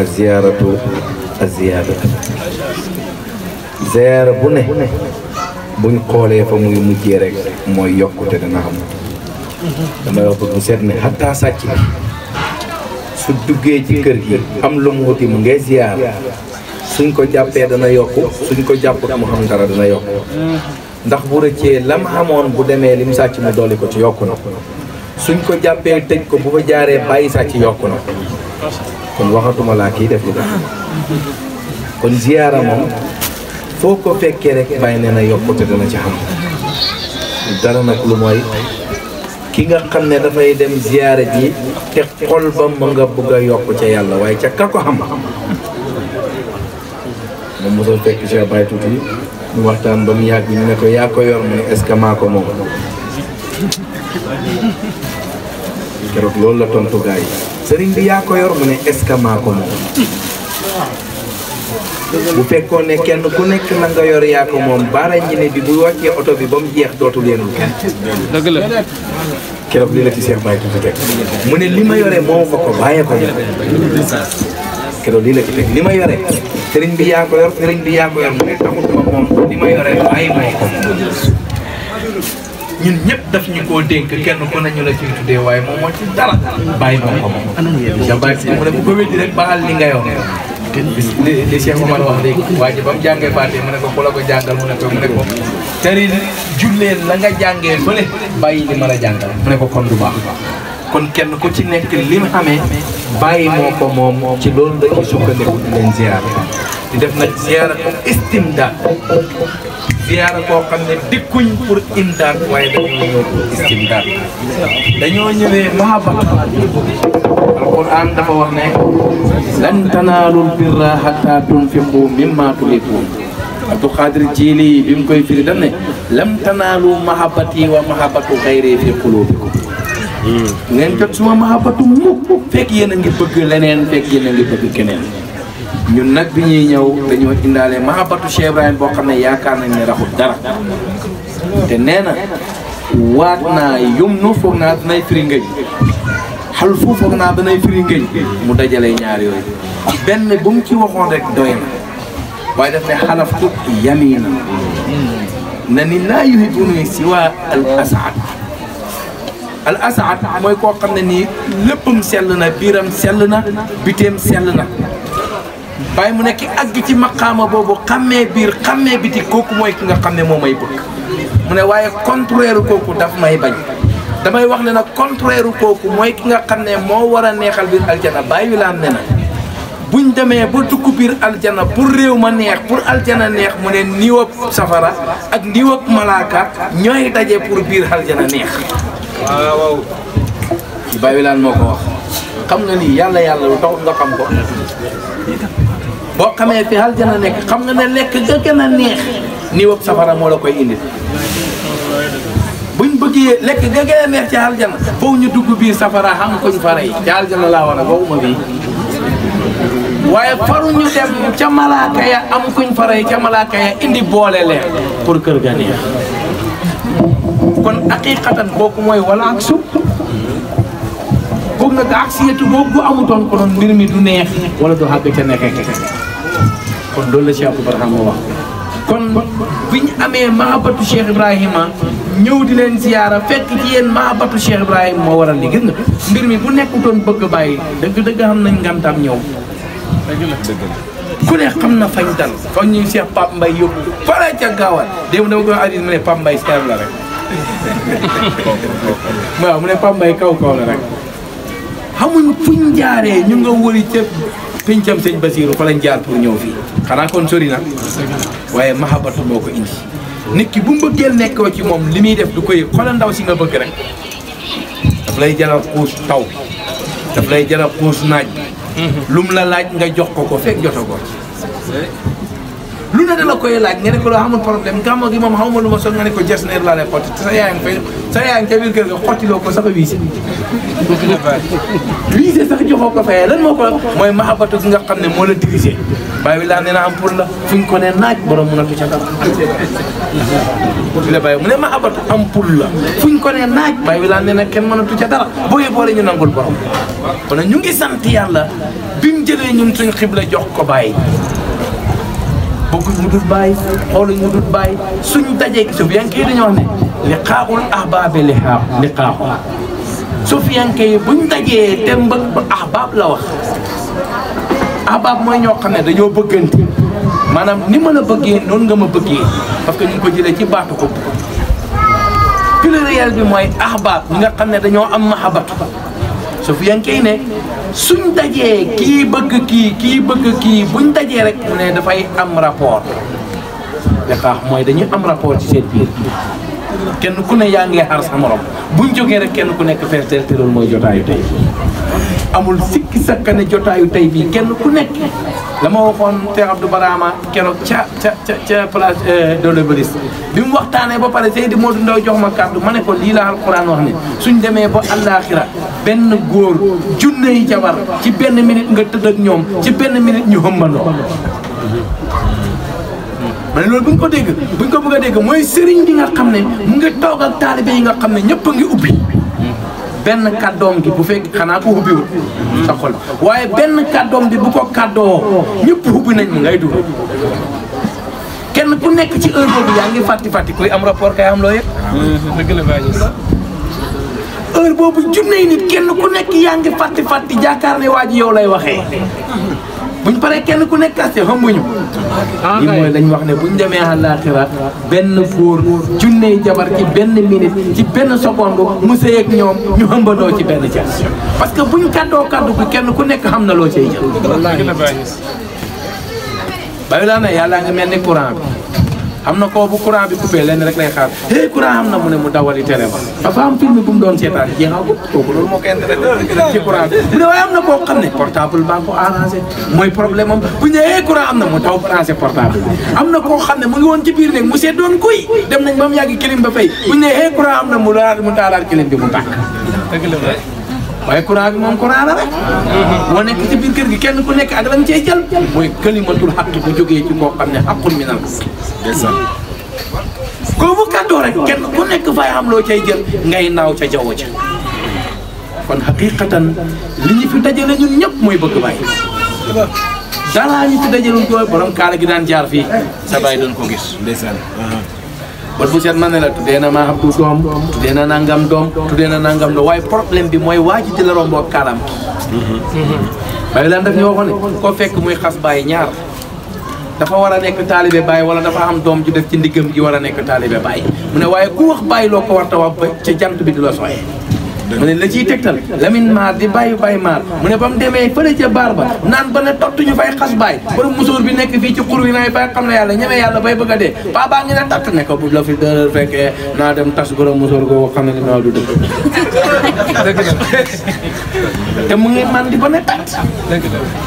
aziyaaratu aziyaadatu ziyaara bu ne buñ xoolee fa muy mujjee rek mooy yokkute dana xam damay wax bëgg mu seet ne xattaa sàcc bi su duggee ci kër gi am lu mu wuti mu ngay ziyaar suñ ko jàppee dana yokk suñ ko jàpput mu xam dara dana yokk ndax bu rëccee lam xamoon bu demee lim sàcc mu dolli ko ci yokku na suñ ko jàppee tëj ko bu fa jaaree bàyyi sàcc yokku na kon waxatuma laa kii def lu ko kon ziyaara moom foo ko fekkee rek bàyyi ne na yokkute dana ci xam dara lu mooy ki nga xam ne dafay dem ziyaara ji te xol ba ma nga bëgg a yokk ca yàlla waaye ca ka ko xam moom mosoo tuuti ñu waxtaan ba mu yàgg ñu ne yaa ko yor mu ce que maa ko moom keroog loolu la tontu gars yi sëriñ bi yaa ko yor mu ne est-ce que maa ko moom bu fekkoon ne kenn ku nekk na nga yor yaa ko moom baara ñi ne bi bu wàccee oto bi ba mu jeex dootul yéen lu kenn dëgg la keroog li la mu ne li ma yore moom ko bàyyee ko lii la ci teg li ma yore sëriñ bi yaa ko yor sëriñ bi yaa ko yor mu ne taxut ma moom li ma yore bàyyi may ko ñun ñëpp daf ñu koo dénk kenn ku nañu la ci tuddee waaye moom moo ci dara bàyyi moom ko moom da bàyyi mu ne bu ko wéddi rek baal li li li Cheikh Omar wax léegi waa ji ba mu jàngee baat yi ko ku ko jàngal mu ne ko mu la nga jàngee fële bàyyi li ma la jàngal mu ne ko kon du baax kon kenn ku ci nekk li mu amee bàyyi moo ko moom ci loolu la ñu sukkandiku di leen ziar di def nag ziar ak istimdaad ziarah ko xamne dikkuñ pour imdaan way dañu ñëw pour istimdaan dañoo alquran dafa wax ne lan tanaalul birra hatta tunfiqu mimma tuhibbuun abdou Khadir Jili bim koy firi dañ ne lam tanalu mahabbati wa mahabbatu ghayri fi qulubikum hmm. ngeen jot suma mahabbatu mu fek yeena ngi bëgg leneen fek yeena ngi bëgg keneen ñun nag bi ñuy ñëw dañoo indaale mahabatu Cheikh Ibrahima boo xam ne yaakaar nañ ne raxul dara te nee na waat naa yum nu foog naa danay firi xal fu naa danay firi mu dajale ñaar yooyu benn bu mu ci waxoon rek doy na waaye daf ne xalaftu yamina na ni laa yuhibuni siwa al asad al asad mooy koo xam ne nii léppam sel na biiram sell na biteem sell na bàyyi mu nekk àgg ci maqaama boobu xàmmee biir xàmmee biti kooku mooy ki nga xam ne moo may bëgg mu ne waaye contraire kooku dafa may bañ damay wax ne nag contraire kooku mooy ki nga xam ne moo war a neexal biir aljana bàyyi laan ne na buñ demee ba dugg biir aljana pour réew ma neex pour aljana neex mu ne niiw ak safara ak niiw ak malaaka ñooy daje pour biir aljana neex waaw bàyyi laan moo ko wax xam nga lii yàlla yàlla lu tax nga xam ko boo xamee fi aljana nekk xam nga ne lekk nga gën a neex nii wopp safara moo la koy indi buñ bëggee lekk nga gën a neex ci aljana foofu ñu dugg biir safara xam koñ fare yi ci aljana laa war a waxuma bii waaye faru ñu dem ca malaaka ya am kuñ fare yi ca malaaka ya indi boole leen pour kër ga neex kon aqiqatan kooku mooy wala ak suuf kooku nag ak siyatu boobu bu amutoon konoon mbir mi du neex wala du xàgg ca nekkee kon loolu la Cheikh Abdou Barham bi ñu amee mahabatu Cheikh Ibrahima ñëw di leen ziyaara fekk ci yéen mahabatu Cheikh Ibrahima moo waral li gis nga mbir mi bu nekkutoon bëgg bàyyi dëgg dëgg xam nañ ngantam ñëw ku ne xam na fañ dal fa ñuy Cheikh Pape Mbaye yóbbu fara ca gaawal démb dama koy addis mu ne Pape Mbaye star la rek waaw mu ne Pape Mbaye kaw kaw la rek xamuñ fuñ jaaree ñu nga wëri ca pincam sëñ Basiiru fa lañ jaar pour ñëw fii xanaa kon sori na waaye mahabatu moo ko indi nit ki bu mbëggeel nekkoo ci moom li muy def du koy xoolal ndaw si nga bëgg rek daf lay jaral xuus taw bi daf lay jaral xuus naaj bi mhm. lum la laaj nga jox ko ko fekk jota ko lu ne da la koy laaj ko loo amul problème gàmmo gi moom xaw ma lu ma sol nga ne ko jes neer laa lay xotti sa yaa ngi ko sax wiise wiise sax joxoo ko fayee lan moo ko mooy mahabatu gi nga xam ne moo la dirigé bàyyi laa nee na am pour la fu ñu ko ne naaj borom mu natu ca la bàyyi mu ne am pour la fu ko ne naaj bàyyi laa nee na kenn mënatu ca dara boo yëboo la ñu nangul borom kon ñu ngi sant yàlla bi mu jëlee ñun suñ xibla jox ko bay bëgguñ mu dul bàyyi xooluñ mu dul bàyyi suñu dajee gi sufiyanke yi dañoo wax ne li xaaxul ahbaabe li xaax li xaaxul sufiyanke yi buñ dajee te mbëgg ahbaab la wax ahbaab mooy ñoo xam ne dañoo bëggante maanaam ni mën a bëggee noonu nga ma bëggee parce que ñu ko jëlee ci baatu ko pluriel bi mooy ahbaab ñi nga xam ne dañoo am mahabbat sufiyanke ne suñ dajee kii bëgg kii kii bëgg kii buñ dajee rek mu ne dafay am rapport dafaax mooy dañuy am rapport ci seen biir kenn ku ne yaa ngi xaar sa morom buñ jógee rek kenn ku nekk fees del te loolu mooy jotaayu tey amul sikki sakka ne jotaayu tey fii kenn ku nekk la ma waxoon Cheikh Abdou Barama keroog ca ca ca place euh, de l'Obélisque bi mu waxtaanee ba pare Seydi moo Ndaw jox ma kàddu ma ne ko lii la alquran wax ne suñ demee ba àllaaxira benn góor junne yi jabar ci benn minute nga tëdd ak ñoom ci benn minute ñu hëmbandoo ma ne loolu bu ko dégg bu ko bëgg a dégg mooy sëriñ bi nga xam ne mu nga toog ak yi nga xam ne ñëpp a ngi ubbi benn kàddoom gi bu fekk xanaa ko ubbiwul sa xol waaye benn kàddoom bi bu ko kàddoo ñëpp ubbi nañ mu ngay dund kenn ku nekk ci heure boobu yaa ngi fàtti fàtti kuy am rapport kay am loo yëpp mm-hmm. heure boobu junney nit kenn ku nekk yaa ngi fàtti fàtti jaakaar ne waa ji yow lay waxee buñ paree kenn ku nekk kaste xamuñu ah, lii mooy lañ wax ne bu buñ demee àllaaxira benn fóor junney jabar ci benn minute ci benn seconde mu sëy ak ñoom ñu xëmbandoo ci benn ca parce que buñ kaddoo kaddu ko kenn ku nekk xam na loo cay jël bayi laa na yàlla nga mel ni courant bi am na koo bu courant bi coupé lenn xaar hey courant am na mu ne mu dawali ba dafa am film bu mu doon seetaan jeexagut kooku loolu moo bu ne am na koo xam ne portable baa ko arrangé mooy problème am bu ñu am na mu daw branché portable am na koo xam ne mu ngi woon ci biir néeg mu seet doon kuy dem nañ ba mu yàgg clim ba fay bu ñu ne am na mu daal mu taalaat clim bi mu tàkk waaye courant bi moom courant la rek boo nekk ci biir kër gi kenn ku nekk ak la nga cee jël mooy këlimatul xaq bu jógee ci koo xam ne xaqul mi nal koo bu kàddoo rek kenn ku nekk fay am loo cay jël ngay naaw ca jaww ca kon xaqiqatan li ñi fi dajale ñun ñëpp mooy bëgg baay dara ñu fi dajale doy borom kaala gi daan jaar fii sa baay doon ko gis ndeysaan bët bu set ma ne la tuddee na maa xam du doom tuddee na nangam doom tuddee na nangam doom waaye problème bi mooy waa ji di la romboo kaalam bàyyi mhm. laan daf ñu waxoon ne koo fekk muy xas bàyyi ñaar dafa war a nekk taalibe baay wala dafa am doom ju def ci ndiggam gi war a nekk taalibe bàyyi mu ne waaye ku wax bàyyi loo ko war wax ba ca jant bi di la sooyee mune la ci tektal lamin maar di bayu bay mar mune bam deme fele ci barba nan ba ne ba ne fay khas bay bara musoor bi nek fi ci xur wi may fay xam ne yàlla ñemee yàlla bay bëgg de dee ba ngi na tatt ne ko bu la fi dëral fekke na dem tas borom musoor go xam ne li naa du dëgg te mu ngi man di ba ne tat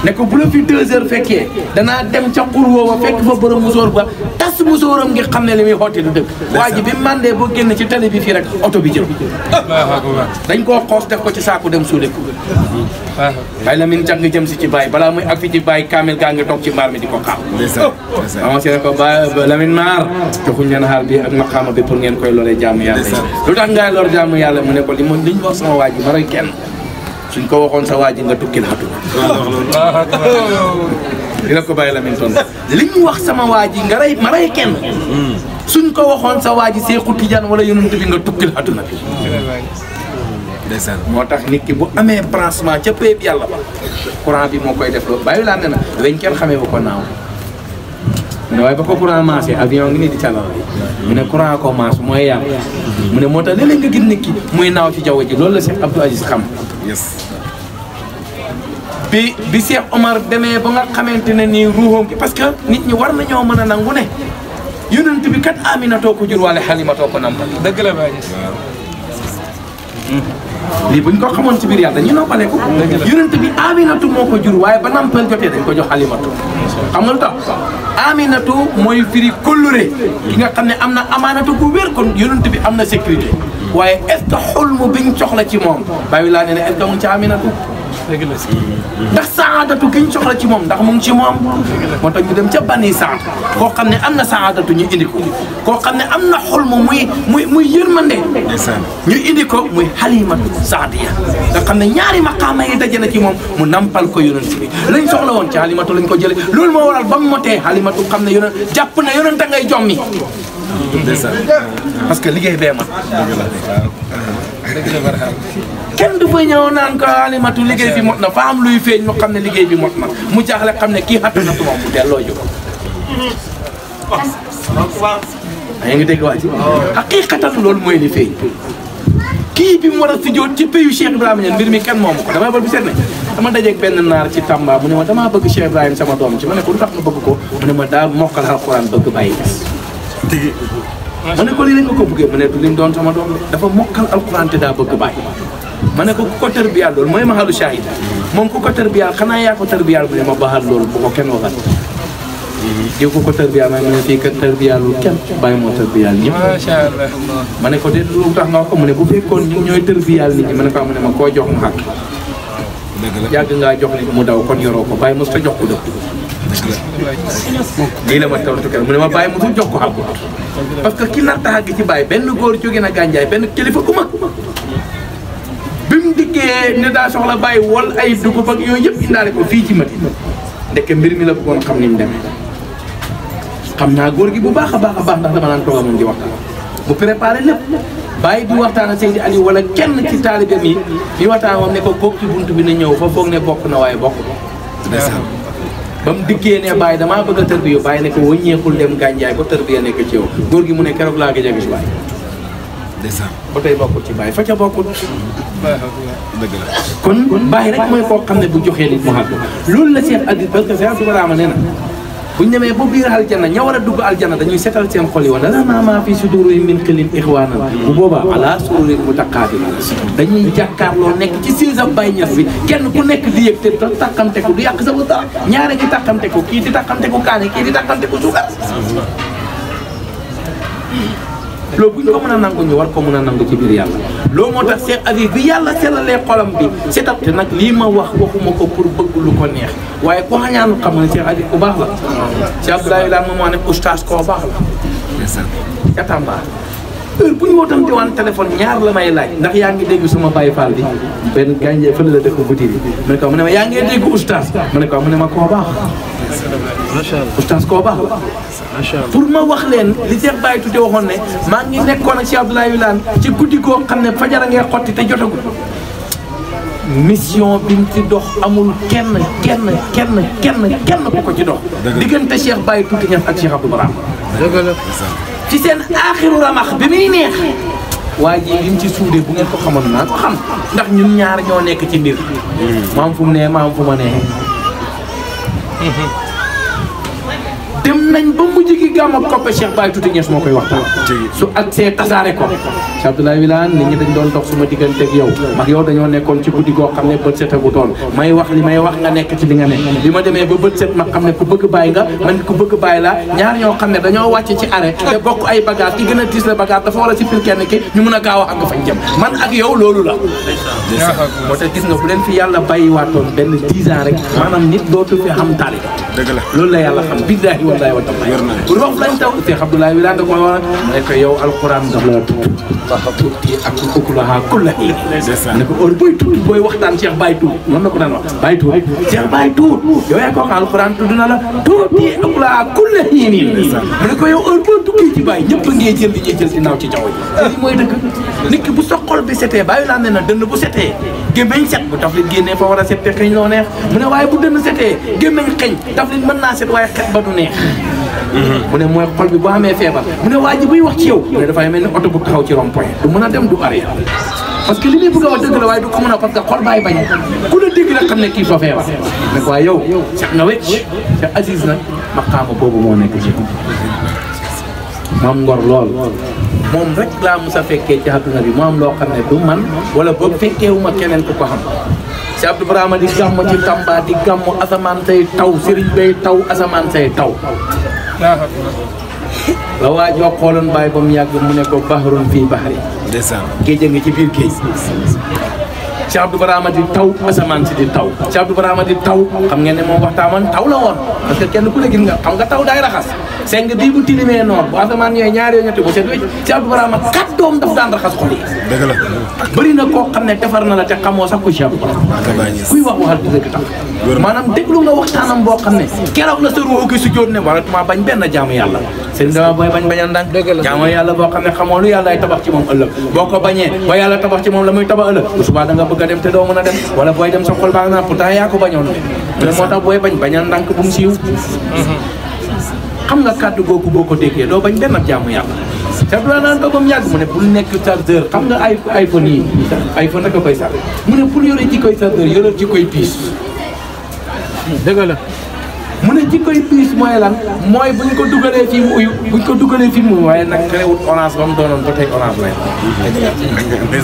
ne ko bu la fi 2 heures fekke dana dem ca xur wa fekk fa borom musoor ba tas musóoram ngi xam ne li xoti du dëgg waji bi mande bo genn ci tali bi fi rek auto bi jëm dañ koo xoos def ko ci saaku dem suude ko ah. bay la min jàng jëm si ci baay balaa muy ak fi ci bàyyi kaamil gaa ngi toog ci maar mi di ko xaar avancé ne ko ba lamin maar joxuñ leen xaal bi ak maqaama bi pour ngeen koy loole jàmm yàlla yi lu tax ngay lor jaamu yàlla mu ne ko li ma li wax sama waa ji ma roy kenn suñ ko waxoon sa waa ji nga tukkil xatu ah, ah, di la ko bàyyi lamin ton li ñu wax sama waa ji nga rey ma rey kenn hmm. suñ ko waxoon sa waa ji Seexu Tijaan wala yonent bi nga tukkil xatu na bi moo tax nit ki bu amee branchement ca péeb yàlla ba courant bi moo koy def loolu bàyyi laa ne na weñ kenn xamee ko naaw ne waaye ba ko courant maasee avion ngi nii di channel mu ne courant ko maas mooy yàlla mu ne moo tax nga gis nit ki naaw ci loolu la Cheikh Abdou Aziz xam bi bi Cheikh Omar demee ba nga xamante ne ruhong, ruuxoom gi parce que nit ñi war nañoo mën a nangu ne yonent bi kat ko jur wala ko la Mm-hmm. lii buñ ko xamoon ci biir yàlla dañuy noppaleku yonent bi aminatu moo ko jur waaye ba nampal jotee dañ ko jox xalimatu xam nga lu tax aminatu mooy firi kóllure ki nga xam ne am na amaanatu bu wér kon yonent bi am na sécurité waaye est ce que xulmu biñ soxla ci moom bàyyi laa ne ne est ce que mu ci aminatu dëgg la ndax saadatu gi ñu soxla ci moom ndax mu ci moom. moo tax ñu dem ca bani saad koo xam ne am na saadatu ñu indi ko. koo xam ne am na xol mu muy muy muy yërmande. ñu indi ko muy xalimatu saadiya nga xam ne ñaari maqaama yi daje na ci moom mu nampal ko yonent bi lañ soxla woon ci xalimatu lañ ko jële loolu moo waral ba mu motee xalimatu xam ne yonent jàpp na yonent da ngay jommi. parce que liggéey bee ma. kenn du fay ñew naan ko alimatu ah, liggey bi motna fa am luy feñ lu xamne liggey bi motna mu jaxle xamne ki hatta na tuwa bu delo ju ay ah, ngi dégg waa ji xaqiqatan loolu mooy li feeñ kii bi mo war a ci peyu Cheikh ibrahim Niass mbir mi kenn moomu ko dama bëgg bu seet ne dama ak ben naar ci Tamba mu ne ma dama bëgg Cheikh ibrahim sama doom ci mané ko tax ma bëgg ko mu ne ma da mokal alquran bëgg bàyyi dëgg mané ko li lañ nga ko bëgg mané du li doon sama doom dafa mokal alquran te da bëgg bàyyi mane ko ku ko tërbiyaal loolu mooy mahalu shahid moom ku ko tërbiyaal xanaa yaa ko tërbiyaal mu ne ma baaxal loolu bu ko kenn waxal diw ma ne fii de lu tax nga wax ko mu ne ah, koo jox mu xàq yàgg ngaa jox ko bàyyi ko dëpp lii la ma tontu kenn mu ne ma bàyyi mosul ko xàqut parce que ki nar tax a gi ci bàyyi benn góor jóge na gànjaay benn kilifa ku mag dikkee ne daa soxla bàyyi wol ay dugub ak yooyu yëpp indaale ko fii ci Mati ndeke mbir mi la bëggoon xam ni mu demee xam naa góor gi bu baax a baax a baax ndax dama naan tooga moom di waxtaan mu préparé lépp bàyyi di waxtaan ak Seydi Aliou wala kenn ci taalibeem yi di waxtaan moom ne ko kooku ci bunt bi ne ñëw fa foog ne bokk na waaye bokk ba mu dikkee ne bàyyi damaa bëgg a tërbiyo bàyyi ne ko wëññeekul dem gànjaay ko tërbiya nekk ci yow góor gi mu ne ke laa gëj a ndeysaan ba tey bokkul ci bàyyi fa a bokkul. dëgg la kon bàyyi rek mooy koo xam ne bu joxee nit mu àgg loolu la Cheikh Adil parce que Cheikh Soubarama nee na bu ñu demee ba biir aljanna ña war a dugg aljanna dañuy setal seen xol yi wala la maa fi sudurihim min xilin ixwaanan bu boobaa ala sururin mutaqaabilin dañuy jàkkaarloo nekk ci siis ab bay ñas bi kenn ku nekk di yëg te taqamteku du yàq sa bu dara ñaare di ko kii di taqamteku kaane kii di taqamteku suukar loolu bu ñu ko mën a nangu ñu war ko mën a nangu ci biir yàlla loolu moo tax Cheikh Habib bi yàlla sellalee xolam bi setal te nag lii ma wax waxuma ko pour bëgg lu ko neex waaye ko xañaanu xam ne Cheikh Habib ku baax la Cheikh Abdoulaye Wilane ma moo ne oustaz koo baax la ca heure bu ñu wootam diwaan téléphone ñaar la may laaj ndax yaa ngi dégg sama Baye Fall bi benn gàncax fële la ko mu ne ma yaa ngi dégg oustaz mu ne ko mu koo baax. macha allah oustaz koo baax la. macha ma wax leen li Cheikh Baye Tuté waxoon ne maa ngi nekkoon ak Cheikh Abdoulaye Wilane ci guddi goo xam ne fajara ngeen xotti te jotagul. mission bi mu ci dox amul kenn kenn kenn kenn kenn ku ko ci dox. diggante seex bàyyi Tuté Niass ak Cheikh Abdou Barham. ci seen aaxiru ramax bi muy neex waa ji li mu ci suudee bu ngeen ko xamoon naa ko xam ndax ñun ñaar ñoo nekk ci mbir maam fu nee maam fu ma ne dem dem nañ ba mujj gi gàmm ak coppe Cheikh Baye Tuuti Ñas moo koy waxtaan su ak see tasaare ko Cheikh Abdoulaye Wilane nit dañ doon dox suma diggante ak yow ndax yow dañoo nekkoon ci guddi goo xam ne bët set doon may wax li may wax nga nekk ci li nga ne bi ma demee ba bët set ma xam ne ku bëgg bàyyi nga man ku bëgg bàyyi la ñaar ñoo xam ne dañoo wàcc ci arrêt te bokk ay bagage ki gën a diis la bagage dafa war a sippil kenn ki ñu mun a gaaw a ak yow loolu la moo Abdoulaye Wade wér na bu wax lañ taw Cheikh Abdoulaye Wade da ko waral ne ko yow alxuraan daf la tudd ko booy waxtaan Cheikh Baye tuut noonu la ko daan wax Baye tuut Cheikh Baye tuut yow yaa ko wax alxuraan tudd na la tuuti ak ukulaha kullahi mu ne ko yow heure boo duggee ci Baye ñëpp a jël li si naaw ci jaww ji mooy dëkk nit bu sa xol bi setee Baye Wade ne na dënn bu setee gémmeñ set bu taf li génnee fa a set te xeñ loo neex mu ne waaye bu dënn setee gémmeñ xeñ mën naa set waaye xet ba du neex mu ne mooy xol bi boo amee feebar mu ne waa ji buy wax ci yow mu dafay mel ni oto bu taxaw ci rond point du mën a dem du arrêt parce que li muy bëgg la waaye du ko mën a parce que xol baay bañ ku la dégg rek xam ne kii soo feebar nag waaye yow set nga wecc te Aziz nag maqaama boobu moo nekk ci moom ngor lool moom rek laa mos a fekkee ci àdduna bi am loo xam ne du man wala boobu fekkee ma keneen ku ko xam si Abdou Brahma di gàmm ci Tamba di gàmm asamaan taw sëriñ bay taw asamaan say taw la waa joo xooloon bàyyi ba mu yàgg mu ne ko baxarun fii baxari géej ngi ci biir géej Cheikh Abdou Barama di taw asaman ci di taw Cheikh Abdou Barama di taw xam ngeen ne mo moom waxtaaman taw la won parce que kenn anu ku ne gis nga xam nga taw day raxas seng bii bu tilime noor bu asaman yooyu ñaar yooyu ñetti bu seen wécc Cheikh Abdou Barama kat doom daf daan raxas xol yi dëgg la bari na ko xam kan ne defar na la te xamoo sax ku Cheikh Abdou Barama kuy wax waxal bu dëgg tax maanaam déglu nga waxtanam bo xam ne keroog la sa ruuxu su jóot ne wala tuma bañ ben jaamu yalla seen dama boy bañ bañal ndànk jaamu yalla bo xam ne xamoo lu yalla ay tabax ci mom ëlëk boko ko ba yalla tabax ci mom la muy tabax ëlëk bu subaa da nga bëgg ka dem te do meuna dem wala boy dem sa xol na naa pourtant ya ko bañon le motax boy bañ bañal dank bu mu xam nga kaddu goku boko ko do doo bañ benn jaamu yàlla te bu la naan bam yag mune ne bul chargeur xam kan nga iphone yi iphone nak koy sax mune ne pour yoro ci koy chargeur yoro ci koy piis dëgg jikkoy piis mooy lan mooy bu ñu ko dugalee fii mu uyu bu ñu ko dugalee fii mu waaye nag terewut orange ba mu doonoon ba tey orange lay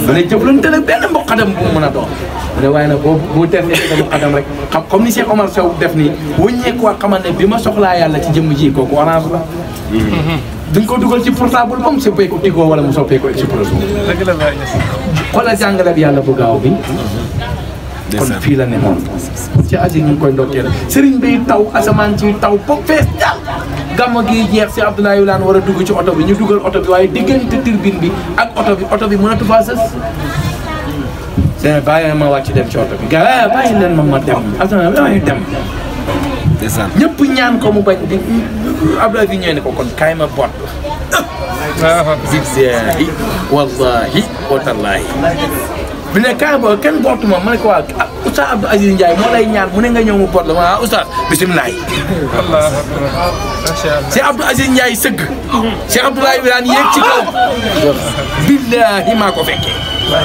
mu ne jëflante nag benn mboqadam bu mu mën a doon mu ne waaye nag boo boo terlee benn mboqadam rek xam comme ni Cheikh Omar Sow def nii wëññeekuwaat xamal ne bi ma soxlaa yàlla ci jëmm ji kooku orange la mm-hmm. duñ ko dugal ci portable moom si béy ko tigoo wala mu soppee ko explosé xoolal jàngale bi yàlla bu gaaw bi kon fii la nekkoon ci aji ñu ngi koy ndokkeel seriñ bi taw asamaan ci taw pop fees daal gàmmo gi jeex si Abdoulaye Wilane war a dugg ci oto bi ñu dugal oto bi waaye diggante turbine bi ak oto bi oto bi mënatu faa sës sëñ bàyyi ma wàcc dem ci oto bi gars bàyyi leen ma ma dem asamaan damay dem ñépp ñaan ko mu bañ di Abdoulaye bi ñëwee ne ko kon kaay ma bot ah, wallahi watallahi bi ne kaay booy kenn bootu ma ne waa ah Oustaz Aziz Ndiaye moo lay ñaan mu ne nga ñëw mu boot la ma ah Oustaz bisimilah. allah allah. Cheikh Abdou Aziz Ndiaye sëgg. Cheikh Abdoulaye Wilane ci kaw. billahi maa ko fekkee.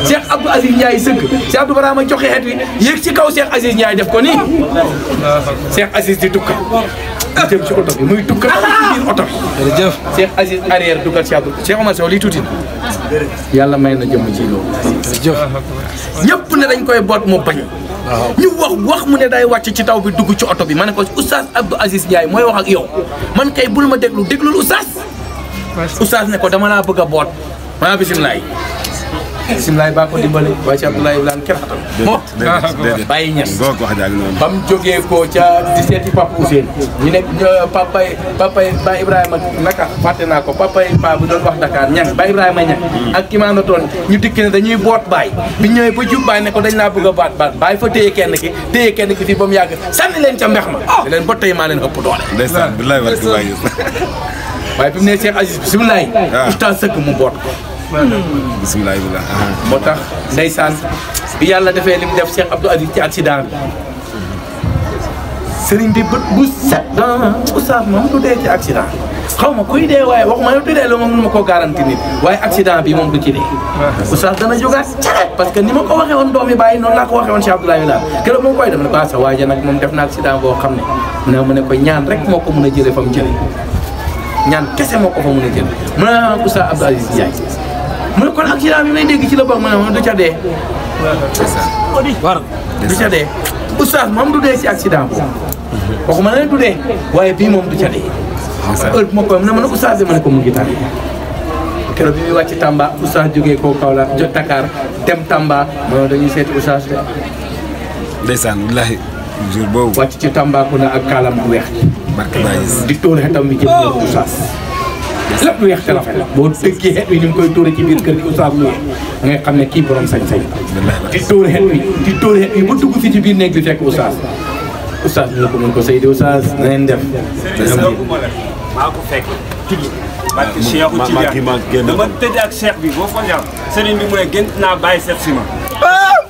Cheikh Abdou Aziz Ndiaye sëgg. Cheikh Abdou Barama joxe xeet wi yéeg ci kaw Cheikh Aziz Ndiaye def ko nii. Cheikh Aziz di tukka. jëm ci oto bi muy tukkal ci oto bi. jërëjëf Cheikh Aziz arrière dugal ci àgg Cheikh Omar Sow tuuti na. yàlla may na jëmm ci loolu. jërëjëf. ñëpp ne dañ koy boot mu bañ. ñu wax wax mu ne day wàcc ci taw bi dugg ci oto bi ma ne ko oustaz Abdou Aziz Ndiaye mooy wax ak yow man kay bul ma déglu déglul oustaz. oustaz ne ko dama laa bëgg a boot. maa bisimilah. Simlaay baa ko dimbale baa ci Abdoulaye Wilane kenn xatam. déedéet Baye Niass. goog wax jàng noonu. ba mu jógee ko ca di seeti Papa Ousseynou. ñu ne Papa Papa Ba Ibrahima naka fàtte naa ko Papa Ba bu doon wax Dakar ñang Ba Ibrahima ñang mm. ak ki maanaam doon ñu dikk ne dañuy boot Baye. bi ñëwee ba jub Baye ne ko dañ naa bëgg a baat baat Baye fa téye kenn ki téye kenn ki fii ba mu yàgg sànni leen ca mbex ma. Oh. leen ba tey maa leen ëpp doole. ndeysaan bi laay wax waaye bi mu ne Cheikh Aziz bisimilah. waaw ah. oustaz mu boot ko. Hmm. Bismillahirrahmanirrahim. ibila moo bi yàlla defee li def Cheikh Abdou Aziz ci accident bi bi bët bu set ah, ci accident kuy dee waaye waxuma yow du dee la ko garanti nit waaye accident bi moom du ci dee ah. oustaz dana jógaat parce que ni ko waxee woon doomi bàyyi noonu laa ko waxee woon Cheikh Abdoulaye Wilane keroog moom koy def ne ko sa waaja nag def na accident boo xam ko ñaan rek ñaan fa ah, Abdou Aziz mu kon accident bi may deg ci la bok ma du ca dee. war du ca dee. oustaz moom du de ci accident boobu. waxuma ne du de waye bi mom du ca dee. heure bu ma koy oustad ne ma ko mu ngi tan keroog bi muy wàcc Tamba oustad joge ko kawla jot takar dem Tamba mo dañuy seeti oustad de. ndeysaan wallahi jour boobu. wàcc ci tamba ko na ak kalam bu wex barke Baye di tole xetam bi ci oustad oh. lépp weex te la boo déggee xet wi ni koy tóore ci biir kër gi oustaz Ndoye da ngay xam ne kii borom sañ-sañ di tóor xet wi di tóor xet wi ba fi ci biir néeg bi fekk oustaz oustaz ñu ko mën ko Seydou oustaz na ngeen def maa ko fekk tigi barke Cheikhu Tidiane dama tëdd ak cheikh bi boo ko jàpp sëriñ bi mu ne gént naa bàyyi seet si ma ah!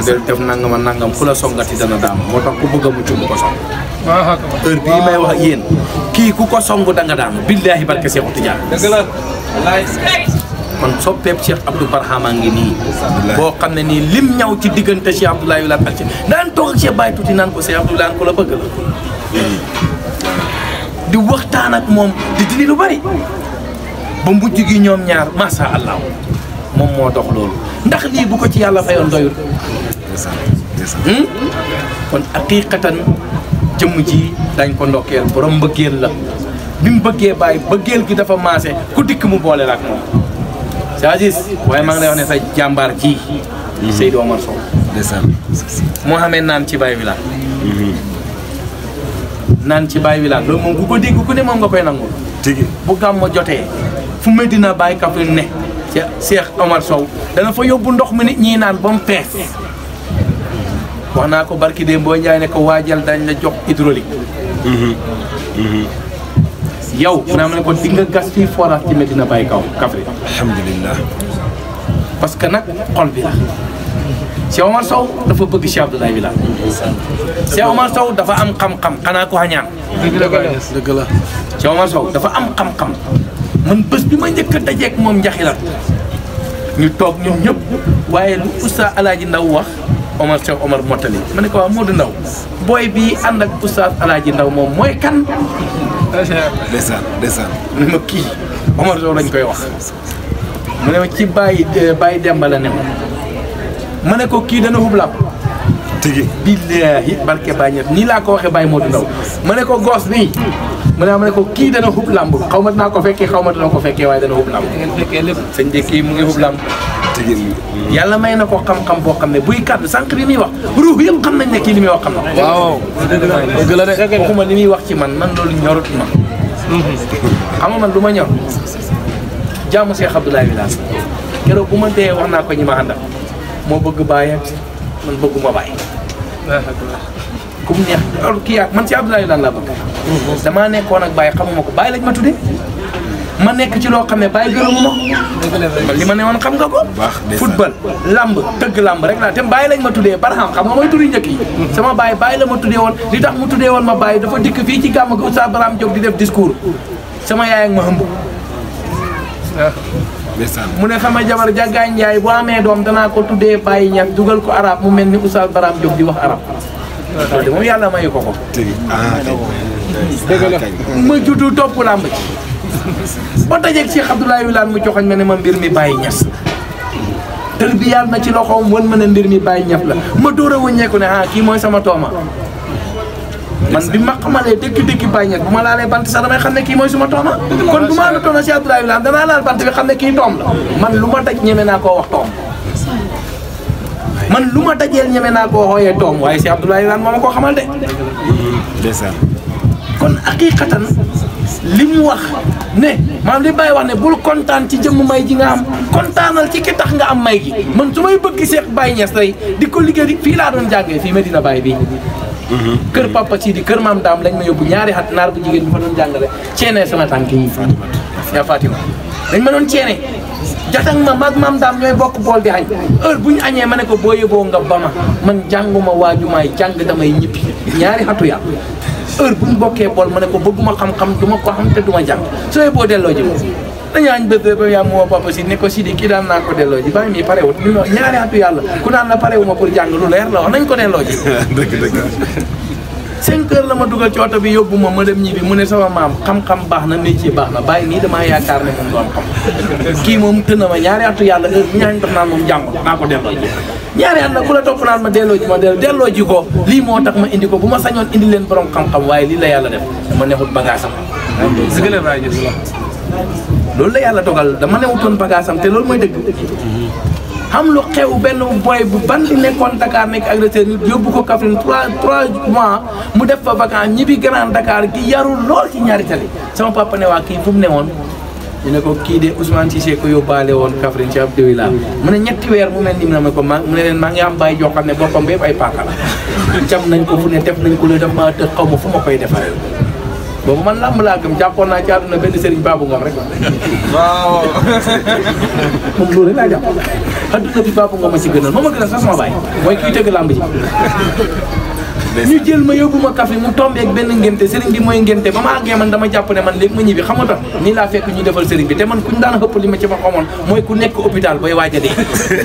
mu def nangam nangam ku songati dana daam moo ku bëgg ko song heure bii may wax ak ku ko song da nga daam billahi barke Cheikh Tidiane dëgg la man soppeeb Cheikh Abdou ngi lim ñaw ci diggante Cheikh Abdoulaye Wilane ak Cheikh daan Cheikh Baye ko Cheikh Abdoulaye ko la bëgg la di waxtaan ak mom di dindi lu bari ba mujj gi ñaar masha Allah moom moo dox loolu ndax lii bu ko ci yàlla fayoon doyul hmm? kon aqiqatan jëmm ji dañ ko ndokkeel borom mbëggeel la bi mu bëggee bàyyi bëggeel gi dafa maase ku dikk mu boole la ak moom Aziz waaye maa ngi wax ne sa jàmbaar ji hmm. Seydou Omar Sow moo xamee naan ci Baye Willane naan ci Baye Willane loolu moom ku ko dégg ku ne moom nga koy nangul bu gàmmo jotee fu Medina Baye Kaffrine ne ca ya, Cheikh Omar Sow Dan fa yóbbu ndox mu nit ñi naan ba mu fees wax naa ko barki démb boo jaay ne ko waajal dañ la jox hydraulique mhm. Mhm. yow ko gas ci Medina kaw alhamdulillah parce que nag xol bi la Cheikh Omar Sow dafa bëgg Cheikh Abdoulaye bi la Cheikh Omar Sow dafa am xam-xam xanaa ko xañaan dëgg la Cheikh Omar Sow dafa am xam-xam man bés bi ma njëkk a dajeeg moom njaxilat ñu toog ñu ñëpp waaye lu Oustaz ji Ndaw wax Omar Cheikh Omar Mottali ma ne ko waa Modou Ndaw booy bi ànd ak Oustaz ji Ndaw moom mooy kan desaan desaan mu ne ma kii Omar Sow lañ koy wax mu ne ma ci bàyyi euh, bàyyi demba la ne ma ma ne ko kii dana hub làpp tigi billaahi barke bàññeet nii laa ko waxee bàyyi Modou Ndaw ma ne ko goos nii mu ne ma ne ko kii dana xub làmb xaw ma dinaa ko fekkee xaw ma dana ko fekkee waaye dana xub làmb ngeen fekkee lépp sëñ bi kii mu ngi xub làmb yàlla may na ko xam-xam boo xam ne buy kàddu sànq bi muy wax ruux yëpp xam nañ ne kii li muy wax xam na waaw dëgg la de waxuma li muy wax ci man man loolu ñorut ma xam nga man lu ma ñor jaamu Cheikh Abdoulaye Wilane keroog bu ma dee wax naa ko ñi ma àndal moo bëgg bàyyi man bëgguma bàyyi ku mu neex loolu kii man si abdoulaye lan laa bëgg damaa nekkoon ak bàyyi xamuma ko bàyyi lañ ma tuddee ma nekk ci loo xam ne bàyyi gërëmu ma li ma ne xam nga ko football lamb tëgg lamb rek laa te bàyyi lañ ma tuddee barxam xam nga mooy turi njëkk yi sama bàyyi bàyyi la ma tuddee woon li tax mu tuddee woon ma bàyyi dafa dikk fii ci gàmm gi oustaz Barham Diop di def discours sama yaay ak ma hëmb mu ne sama jabar jàggaañ yaay bu amee doom danaa ko tuddee bàyyi ñag dugal ko arab mu mel ni oustaz Diop di wax arab moom yàlla mayu ko ko. Ah, dëgg la ah, ma juddu topp làmb ci ba dajeeg Cheikh Abdoulaye Wilane mu joxoñ ma ne ma mbir mi bàyyi ñas tër bi yàlla ci loxoom wan ma ne mbir mi bàyyi ñaf la ma door a wëññeeku ne ah kii mooy sama tooma man bi ma xamalee dëkk dëkk bàyyi ñaf bu ma laalee bant sax damay xam ne kii mooy suma tooma kon bu ma la tooma si Abdoulaye Wilane danaa laal bant bi xam ne kii toom la man lu ma taj ñeme naa koo wax toom man luma dajel ñame na ko hoye tom doom waaye si Abdoulaye Laan mom ko xamal de. ndeysaan. Iya, kon aqiqatan li wax ne maam li Baye wax ne bul contane ci jëm may ji nga am kontaanal ci ki tax nga am may gi man sumay bëgg Cheikh Baye ñess tay di ko liggéey fi la doon jàngee fi Medina Baye bi mhm. keur papa ci di keur maam dam lañ ma yobbu ñaari hat nar bu jigéen bu fa doon jàngale ceenee sama tanki Ya Fatima dañ ma doon ceenee. jatang ma mag maam daam ñooy bokk bool di añ heure bu ñu añee ma ne ko boo yóbboo nga ba ma man jànguma waajumaay jàng damay ñibbi ñaari xatu yàlla heure bu ñu bokkee bool ma ne ko bëgguma xam-xam du ma ko xam te du ma jàng sooy boo delloo ji dañu añ bët ba yaa moo papa si ne ko si di kii daan naa ko delloo ji bàyyi mi parewut ñaari xatu yàlla ku daan na parewuma pour jàng lu leer la wax nañ ko delloo ji dëgg dëgg cinq heures la ma dugal ci oto bi yóbbu ma ma dem ñibbi mu ne sama maam xam-xam baax na métier baax na bàyyi nii damaa yaakaar ne moom du am xam kii moom tën na ma ñaari yàlla heure bi ñaañ def naan moom jàngul naa ko delloo ku la topp naan ma delloo ji ma delloo delloo ji ko lii moo tax ma indi ko bu ma sañoon indi leen borom xam-xam waaye lii la yàlla def dama nexut bagage am loolu la yàlla dogal dama newutoon bagage am te loolu mooy dëgg xam lu xew benn boy bu bandi nekkoon Dakar nekk agresseur nit yóbbu ko Kaffrine trois trois mois mu def fa vacance ñibbi Grand Dakar gi yarul lool ci ñaari tali sama papa ne waa kii fu mu ne woon ñu ne ko kii de Ousmane Cissé ko yóbbaale woon Kaffrine ci ab déwi laa mu ne ñetti weer mu mel ni mu ne ma ne leen maa ngi am bàyyi joo xam ne boppam bépp ay paaka la cam nañ ko fu ne def nañ ko lu def ma xaw ma fu ma koy defal boobu man làmb laa gëm jàppoon naa ci àdduna benn sëriñ baabu ngom rek waaw moom loolu rek laa jàpp àdduna bi baabu ngom a si gënal moom a gënal sax sama baay mooy kii tëgg làmb ji ñu jël ma yóbbu ma kafe mu tombeek benn ngénte sëriñ bi mooy ngénte ba ma àggee man dama jàpp ne man léegi ma ñibbi xam nii laa fekk ñu defal sëriñ bi te man kuñ daan xëpp li ma ci ma xamoon mooy ku nekk hôpital bay waaj a dee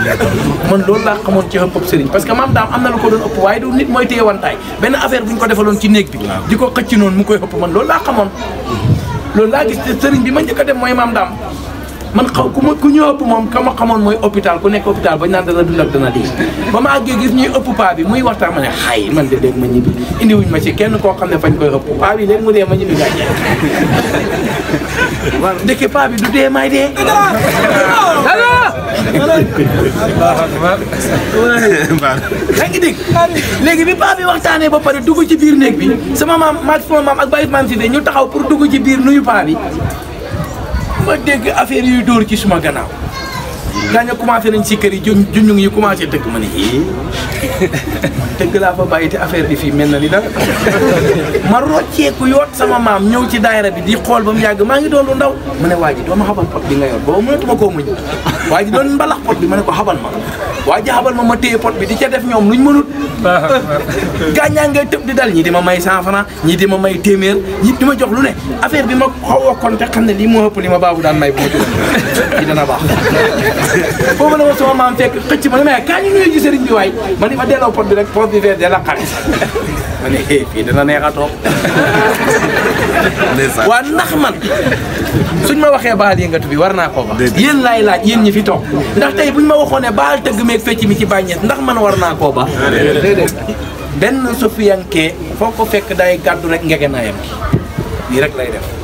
man loolu laa xamoon ci xëpp sëriñ parce que maam daam am na lu ko doon ëpp waaye du nit mooy téye wantaay benn affaire bu ñu ko defaloon ci néeg bi di ko xëcc noonu mu koy xëpp man loolu laa xamoon loolu laa gis sëriñ a man xaw ku ma ku ñu ëpp moom ka xamoon mooy hôpital ku nekk hôpital bañ naan dana dund ak dana dee ba ma àggee gis ñuy ëpp paa bi muy waxtaan ma ne xay man de léegi ma ñibbi ma ci kenn koo xam ne fañ koy ëpp paa bi léegi mu dee ma ñibbi gàcce waaw ndeke paa bi du dee may dee yaa ngi dégg léegi bi paa bi waxtaanee ba pare dugg ci biir néeg bi sama maam maag sama maam ak bàyyi maam si de ñu taxaw pour dugg ci biir nuyu paa ma dégg affaire yuy dóor ci suma gannaaw gaañoo commencé nañ si kër yi jun junjung commencé tëgg ma ne eh laa fa bàyyi te affaire bi fii mel na ni dara ma rocceeku yoot sama maam ñëw ci daayira bi di xool ba yàgg maa ngi doon lu ndaw mu ne waa ji doo ma xabal pot bi nga yor boobu mënatuma waa ji doon mbalax pot bi ma ko xabal ma waa ji ma ma téye pot bi di ca def ñoom luñ mënut gaañaa ngay tëb di dal ñii di ma may cent franc ñi di ma may téeméer ñi di ma jox lu ne affaire bi ma xaw a kon te xam ne lii moo ëpp li ma baabu daan may bu ma jóg dana baax foo ma ne ma sama maam fekk xëcc ma ne ma kañ ñu ji sëriñ bi waay ma ni ma delloo pot bi rek pot bi fees de la xarit ma ne eh fii dana neex a toog waa ndax man suñ ma waxee baal yëngatu bi war naa koo wax yéen laay laaj yéen ñi fi toog ndax tey buñ ma waxoone baal tëgg meeg fecc mi ci bàññeet ndax man war naa koo baax benn sufiyanke foo day gàddu rek ngegenaayam ki rek lay def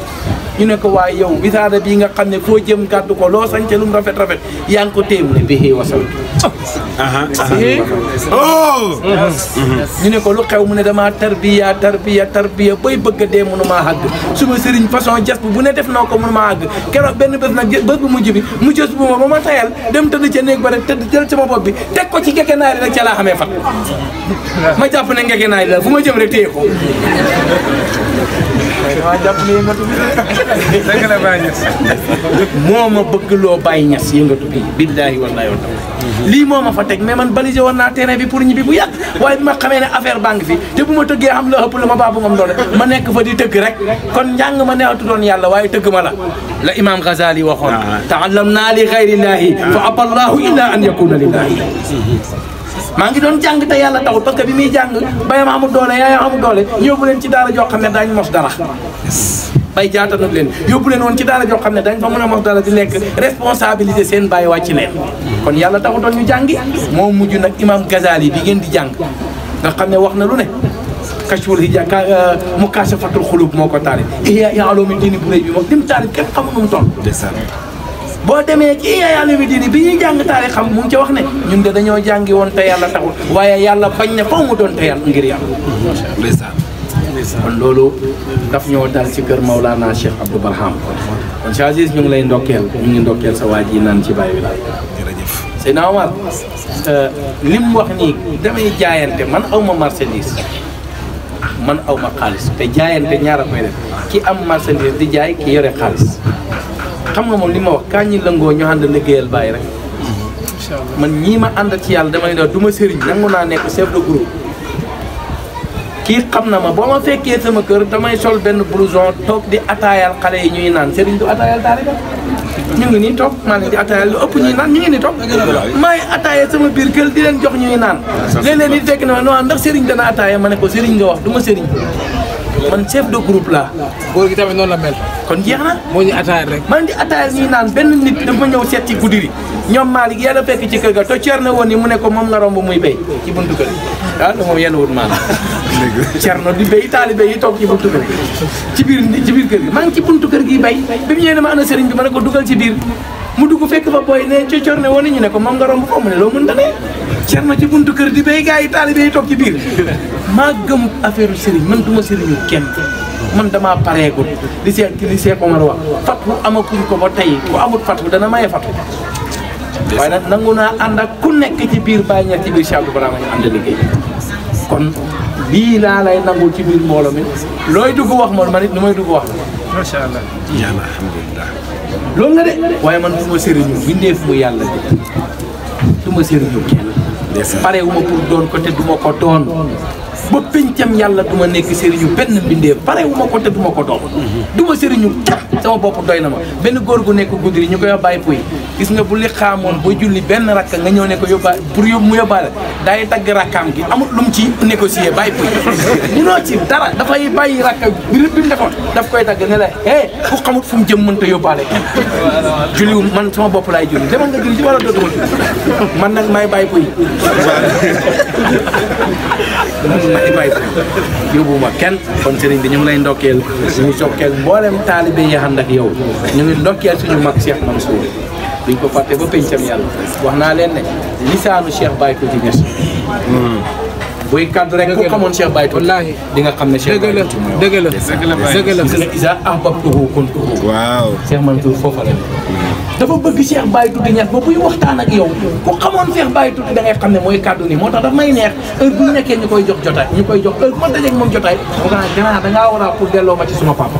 ñu ne ko waaye yow wisaada bii nga xam ne koo jëm gàddu ko loo sañce lu rafet rafet yaa ngi ko téye mu ne bihi wasal oh! mhm. ñu ne ko lu xew mu ne damaa tarbiya tarbiya tarbiya bay bëgg a dee mënumaa àgg suma sëriñ façon jas bu ne def na ko mënumaa àgg keroog benn bët nag bés bu mujj bi mu jës bu ma ba ma tayal dem tëdd ca néeg ba rek tëdd jël sama bopp bi teg ko ci ngege naari rek ca laa xamee fat ma jàpp ne ngege naari la ma jëm rek téye ko waaw jàpp ni yëngatu bi dëgg la Baye Niass. moo ma bëgg loo Baye Niass yëngatu bi billaahi wallaahi wa taala lii moo ma fa teg mais man balisé woon naa terrain bi pour ñibbi bu yàgg waaye bi ma xamee ne affaire baa ngi fi te bu ma tëggee xam la ëpp la ma baabu moom doole ma nekk fa di tëgg rek kon njàng ma neexatu doon yàlla waaye tëgg ma la la imam Ghazali waxoon ah. taallam naa li xayrillaahi fa aballaahu illa an yakuna lillahi hmm. maa ngi doon jàng te yàlla taxul parce que bi muy jàng bayam amul doole yaayam amul doole yóbbu leen ci daara joo xam ne daañ mos dara bay jaatanut leen yóbbu leen woon ci daara joo xam ne dañ fa mën a mos dara di nekk responsabilité seen bàyyi wàcc leen kon yàlla doon ñu jàngi moo mujj nag imam Ghazali bi ngeen di jàng nga xam ne wax na lu ne kashful hijab euh, mu kaashafatul xulub moo ko taarif ihya ulumuddin bu réy bi moom dim taarif kenn xamu boo demee ci yaayaale bi diini bi ñuy jàng taarix xam mu ngi wax ne ñun de dañoo jàngi woon te yàlla taxul waaye yàlla fañ na fa mu doon te yàlla ngir yàlla kon loolu daf ñoo dal ci kër Maulana Cheikh Abdou Barham kon Cheikh ngi lay ndokkeel ñu ngi ndokkeel sa ji naan ci bàyyi bi daal jërëjëf Seydina Omar euh, li mu wax nii damay jaayante man aw ma marchandise man aw ma xaalis te jaayante ñaar a koy def ki am marchandise di jaay ki yore xaalis xam nga moom li ma wax kañ ñi lëngoo ñu ànd liggéeyal bàyyi rek. incha man ñii ma ànd ci yàlla dama ne du ma sëriñ nangu naa nekk chef de groupe. kii xam na ma boo ma fekkee sama kër damay sol benn blouson toog di ataayal xale yi ñuy naan sëriñ du ataayal taaliba ñu ngi nii toog maa ngi ataayal lu ëpp ñuy naan ñu ngi nii toog maay ataaya sama biir kër di leen jox ñuy naan léeg-léeg nit fekk na ma non ndax sëriñ dana ataaya ma ne ko sëriñ nga wax du ma sëriñ man chef de groupe laa. góor gi tamit noonu la mel. kon jeex na. moo ñu attaayal rek. man di attaayal ñuy naan benn nit dafa ñëw seet ci guddi gi ñoom Malick yàlla fekk ci kër ga te Thierno woon ni mu ne ko moom nga romb muy béy ah moom yenn wut maanaam. Cerno di béy taalibe yi toog ci buntu kër gi ci biir ci biir kër gi maa ci buntu kër gi bay bi mu ñëwee ne ma ana sëriñ bi ma ne ko dugal ci biir mu dugg fekk fa booy ne ci Cerno ñu ne ko moom nga romb ko mu ne loo mën da cerno ci buntu keur di bay gaay talibé tok ci bir ma gëm affaireu serigne man duma serigne kenn man dama parégul li cheikh li cheikh omar wa fatu amakuñ ko ba tay ko amut fatu dana may fatu way nak nanguna anda ku nek ci bir bay ñati bir cheikh ibrahima ñu and liggey kon li la lay nangu ci bir mbolo mi loy duggu wax mo manit numay duggu wax ma ya alhamdulillah lo nga de waye man duma serigne bindeef mu yalla duma serigne kenn por dono, doon ko te duma ko doon ba pencam yàlla du ma nekk sëriñu benn mbindeef pare wu ma ko te du ma ko doon. Mhm. du ma sëriñu tam sama bopp doy na ma benn góor gu nekk guddi ñu koy wax bàyyi puy gis nga bu li xaamoon ba julli benn rakka nga ñëw ne ko yóbbaale pour yóbbu mu yóbbaale day tagg rakkaam gi amul lu mu ci négocier bàyyi puy munoo ci dara dafay bàyyi rakka bi bi mu daf koy tagg ne la eh ku xamut fu mu jëm mënta yóbbaale kenn julliwu man sama bopp laay julli demal nga julli ci wala dootuma julli man nag may bàyyi may may yóbbuma kenn kon sëriñ bi ñu ngi lay ndokkeel ñu ngi sokkeel mboolem taalibe yi ànd yow ñu ngi ndokkeel suñu mag Cheikh Mansour duñ ko fàtte ba pencam yàlla wax naa leen ne lisaanu Cheikh Baye ko ci ñes booy kaddu rek ku xamoon Cheikh Baye Touty wallaahi di nga xam ne Cheikh Baye Touty mooy dëgg la dëgg la dëgg la gis nga isa ahbabtuhu kuntuhu waaw Cheikh Mansour foofa la dafa bëgg Cheikh Baye Touty ñax ba buy waxtaan ak yow ku xamoon Cheikh Baye Touty da ngay xam ne mooy kaddu ni moo tax daf may neex heure bu nekkee ñu koy jox jotaay ñu jox heure ma dajeeg moom jotaay mu gën a da ngaa war a pour delloo ma ci suma papa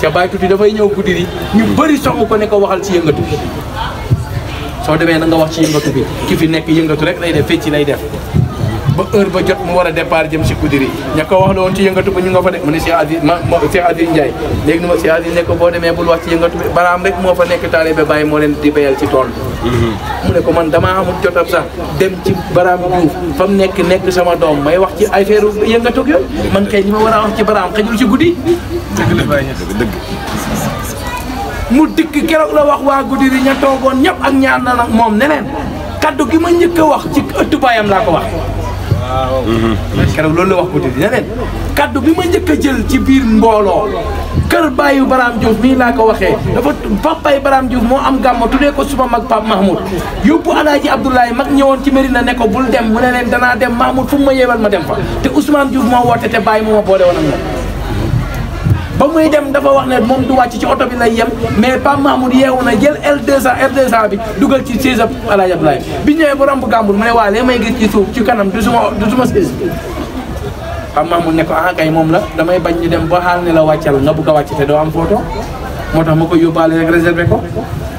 Cheikh Baye Touty dafay ñëw guddi yi ñu bëri un ko ne ko waxal ci yëngatu soo demee na nga wax ci yëngatu bi ki fi nekk yëngatu rek lay def plus lay def ba heure ba jot mu wara départ jëm ci Goudiri ña wax lo won ci yëngatu ba ñu nga fa nek mu ne Cheikh Adi ma ci Adi Ndiaye léegi ma ci Adi nek ko boo demee bul wax ci yëngatu bi baraam rek mo fa nek talibé bay mo len di bayal ci tool mhm. mu ne ko man dama amul jotam sax dem ci baram bu fam nek nek sama dom may wax ci ay féru yëngatu yooyu man kay li wara wax ci baram xajul ci guddi deug la dëgg mu dik kérok la wax wa Goudiri ña gon ñep ak ñaan na nag moom neneen kaddu gi ma ñëk wax ci ëttu bayam la ko wax waaw mhm. keroog loolu la wax ko di neneen kaddu bi ma njëkk a jël ci biir mbooloo kër bàyyu Baraam Diouf mii laa ko waxee dafa papay Baraam Diouf moo am gàmma tuddee ko suma mag Pape Mahmoud yóbbu alaaji Abdoulaye mag ñëwoon ci na ne ko bul dem mu ne leen danaa dem Mahmoud fu ma yeewal ma dem fa te Ousmane Diouf moo woote te bàyyi mu ma boole woon ak moom ba muy dem dafa wax ne moom du wàcc ci oto bi lay yem mais Pape Mahmoud yeewu na jël L200 bi dugal ci siis ab Alaaji Abdoulaye bi ñëwee bu romb gàmbur mu ne waa lee may gis ci suuf ci kanam du suma du suma siis Pape Mahmoud ne ko ah moom la damay bañ ñu dem ba xaal ne la wàccal nga bugg a wàcc te doo am photo moo tax ma koy yóbbaale rek réservé ko.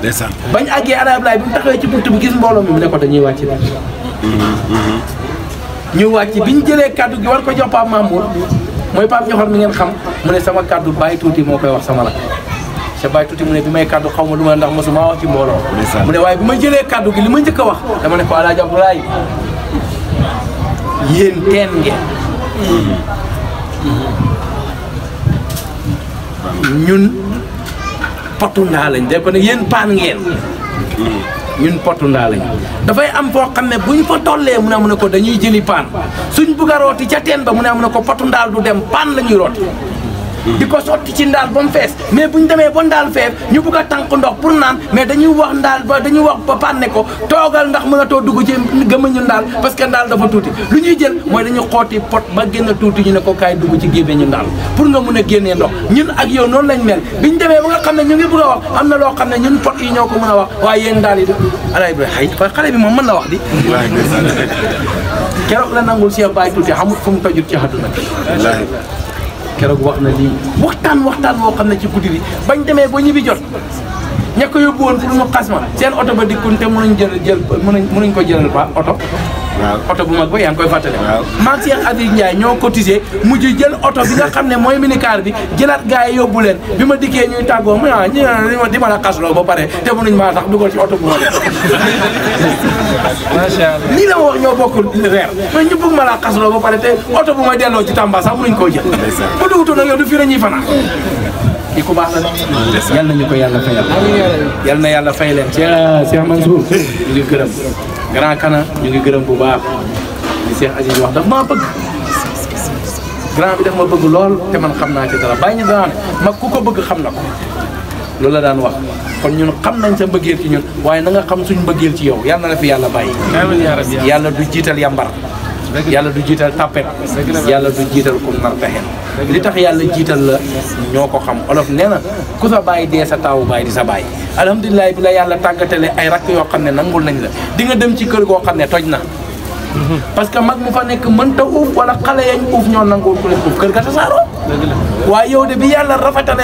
ndeysaan bañ àggee Alaaji Abdoulaye bi mu taxawee ci bunt bi gis mbooloo mi mu ne ko dañuy wàcc mm-hmm, mm-hmm. ñu wàcc bi ñu jëlee kaddu gi war ko jox Pape Mahmoud mooy Pape Ñoxor mi ngeen xam mu ne sama kaddu bàyyi tuuti moo koy wax sama la sa bàyyi tuuti mu ne bi may kaddu xaw ma lu ma ndax mosuma wax ci mbooloo mu ne waaye bi ma jëlee kaddu gi li ma njëkk a wax dama ne ko El Hadj Abdoulaye yéen teen ngeen ñun potu ndaa lañ def ko ne yéen paan ngeen ñun Potundaa lañ dafay am foo xam ne bu ñu fa tollee mu ne mu ne ko dañuy jëli paan suñ bugga a rooti ca teen ba mu ne mu a ko Potundaal du dem paan la ñuy rooti di ko sotti ci ndaal ba fees mais bu ñu demee ba daal feef ñu bugg a ndox pour naan mais dañuy wax ndaal ba dañuy wax ba pànne ko toogal ndax mënatoo dugg ci gëmëñu ndaal parce que ndaal dafa tuuti lu ñuy jël mooy dañu xooti pot ba génn tuuti ñu ne ko kaay dugg ci gémmiñu ndaal pour nga mun a génnee ndox ñun ak yow noonu lañ mel ñu demee ba nga xam ne ñu ngi bëgg a wax am na loo xam ne ñun pot yi ñoo ko mën a wax waaye yéen ndaal yi de alaay bi xay xale bi moom mën na wax di keroog la nangul Cheikh Baye tuuti xamut fu mu tojut ci àdduna bi keroog wax na lii waxtaan waxtaan woo xam ne ci guddi bi bañ demee ba ñibbi jot ñekk ko yóbbu woon mu xas ma seen oto ba dikkuñ te mënuñ jël jël mënuñ mënuñ ko jëlal ba oto. waaw oto bu mag ba yaa ngi koy fàttali. waaw maa ngi Cheikh Aziz ñoo cotisé mujj jël oto bi nga xam ne mooy minicar bi jëlaat gars yi yóbbu leen bi ma dikkee ñuy tàggoo mu ah ñu ma di ma la xasloo ba pare te mënuñ maa tax dugal ci oto bu ma def. macha la ma wax ñoo bokk reer ma la xasloo ba pare te oto bu ma delloo ci Tamba sax mënuñ koo jël. bu dugutu nag yow du fi la ñuy fanaan Iku ku baax yal nañu ko yàlla fayal yal na yàlla fay leen Cheikh ya, Cheikh Mansour ñu ngi gërëm grand kana ñu ngi gërëm bu baax li Cheikh Aziz wax daf maa bëgg grand bi daf ma bëgg lool te man xam ci dara bàyyi daan mag ku bëgg xam na ko loolu la daan wax kon ñun xam nañ sa mbëggeel ci ñun na nga xam mbëggeel ci yow la fi du yàlla du jiital tapet digital du kum nar taxen li tax yàlla jiital la ñoo xam olof nee ku sa bàyyi dee sa taawu bàyyi di sa bàyyi alhamdulilah bi la yàlla tàggatale ay rakk yoo xam ne nangul nañ la di nga dem ci kër goo xam parce que mag mu fa wala yañ ñoo ku kër ga yow de bi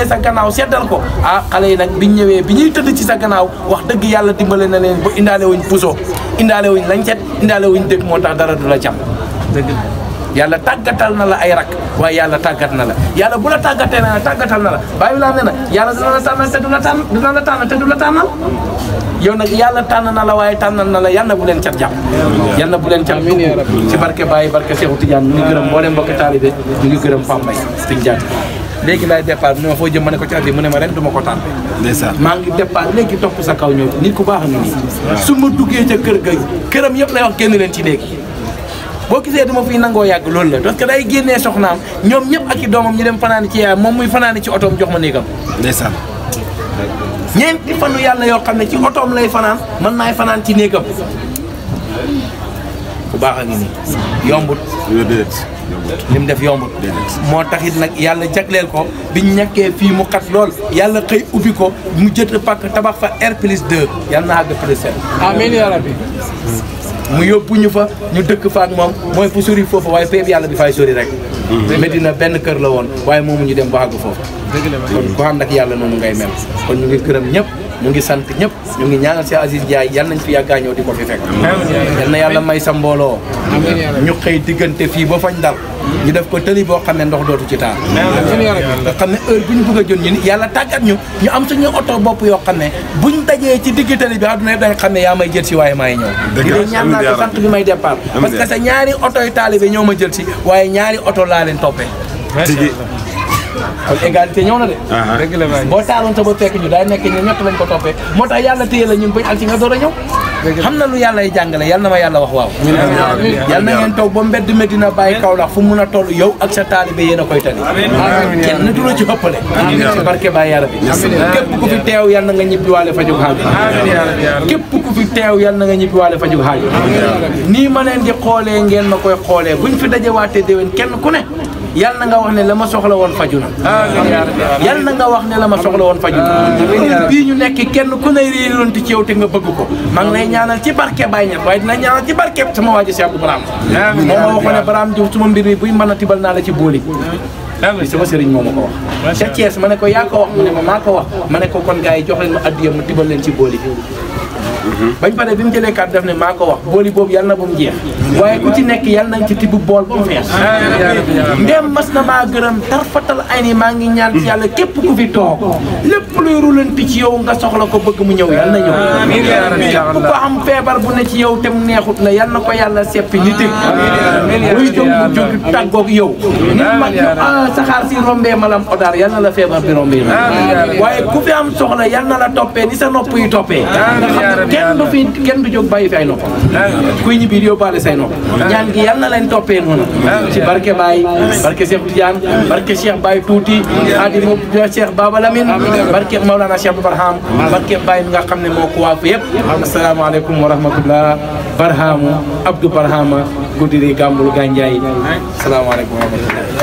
sa gannaaw seddal ko ah xale yi nag biñ ñëwee bi ñuy tëdd ci sa gannaaw wax dëgg na leen wuñ puso indaale wuñ lañset indaale wuñ dëkk moo dara dëgg yàlla tàggatal na la ay rak waaye yàlla tàggat na la yàlla bu la tàggatee na tàggatal na la bàyyi laa ne na yàlla dina la tànnal te du la tànn dina la tànn te du la tànnal yow nag yàlla tànn na la waaye tànnal na la yàlla bu leen cat jàpp yàlla bu leen cat dugg ci barke Baye barke Cheikh Tidiane ñu ngi gërëm mboolem mbokki taalibe laay départ mu ne ma foo ma ne ko ci ne ma ren du ma ko tànn ndeysaan maa ngi départ léegi topp sa kaw ñëw nit ku baax na nii su duggee ca kër ga këram yëpp lay wax kenn leen ci léegi boo gisee dama fiy nangoo yàgg loolu la parce que day génnee soxnaam ñoom ñëpp ak i doomam ñu dem fanaani ci yaayam moom muy fanaani ci otoom jox ma néegam ndeysaan ñeenti fanu yàlla yoo xam ne ci otoom lay fanaan man naay fanaan ci néegam bu baax a ngi nii yombut li mu def yombut moo taxit nag yàlla jagleel ko biñ ñàkkee fii mu xat lool yàlla xëy ubbi ko mu jënd pàkk tabax fa R plus 2 yàlla na àgg plus 7 amiin yaa rabbi mu yóbbu ñu fa ñu dëkk faat moom mooy fu sori foofu waaye péeb yàlla bi fay sori rek mhm. Medina benn kër la woon waaye moomu ñu dem ba àgg foofu kon ku ànd ak yàlla noonu ngay mel kon ñu ngi gërëm ñëpp ñu ngi sant ñëpp ñu ngi ñaanal si Aziz Ndiaye yal nañ fi yàggaa ñëw di ko fi fekk yal na yàlla may sa ñu xëy diggante fii ba fañ dal ñu def ko tëli boo xam ne ndox dootu ci taal nga xam ne heure bu ñu bëgg a jot ñu ni yàlla tàggat ñu ñu am suñu oto bopp yoo xam ne bu ñu dajee ci digg tëli bi àdduna yëpp dañ xam ne yaa may jël si waaye maay ñëw di leen ñaan naa ko sant bi may départ parce que sa ñaari oto yi taalibe ñoo ma jël si waaye ñaari oto laa leen top kon égalité na de. dëgg la te ba ñu daay nekk ñun ko toppee moo tax yàlla téye la ñun bañ al a ñëw. xam na lu yàlla yi jàngale yal na ma na ba mbedd Medina bàyyi Kaolack a toll yow ak sa taalibe yéen a koy tali. kenn du la ci ëppale. ci barke Baye Yara bi. képp ku fi yal na nga ñibbiwaale fajug xaaju. képp ku ma xoolee ngeen ma koy xoolee buñ fi dajewaatee déwén kenn ku ne yal na nga wax ne la ma soxla woon faju na yal na nga wax ne la ma soxla woon faju na bii ñu nekk kenn ku ne réerante ci yow te nga bëgg ko maa nay lay ñaanal ci barke Baye Niass waaye dina ñaanal ci barke sama waa ji si Abdou Barham moom ma waxoon ne Barham suma mbir mi buy mën a tibal naa la ci booli sama sëriñ moo ma ko wax ca Thiès ma ne ko yaa ko wax mu ne ma maa ko wax ma ne ko kon gars yi jox leen ma addiya ma tibal leen ci booli bañ paré bi mu jëlé carte daf né mako wax boli bobu yalla bu mu jeex waye ku ci nekk yalla nañ ci tibbu bol bu fess ndem mas na ma gëreum tarfatal ayni ma ngi ñaan ci yalla képp ku fi tok lepp luy rulanti ci yow nga soxla ko bëgg mu ñew yalla ñew ku ko am febar bu ne ci yow tem neexut na yalla ko yalla seppi nit muy jom bu jog tagok yow nit mag ñu ah, saxar ci rombé malam odar yalla la febar bi rombé waye ku fi am soxla yalla la topé ni sa nopp yu topé kenn bi fi kenn du jóg bàyyi ku ay noppam kuy ñibbi yóbbaale say nopp ñaan gi yal na leen toppee noonu ci barke Baye barke Cheikh Tidiane barke Cheikh Baye Tuuti adi moom Cheikh Baba Lamine barke Maulana Cheikh Barham barke Baye mi nga xam ne moo ko waa fi yëpp asalaamaaleykum wa rahmatullah Barhamu Abdou Barhama Goudiri Gambul Gandiaye asalaamaaleykum wa rahmatullah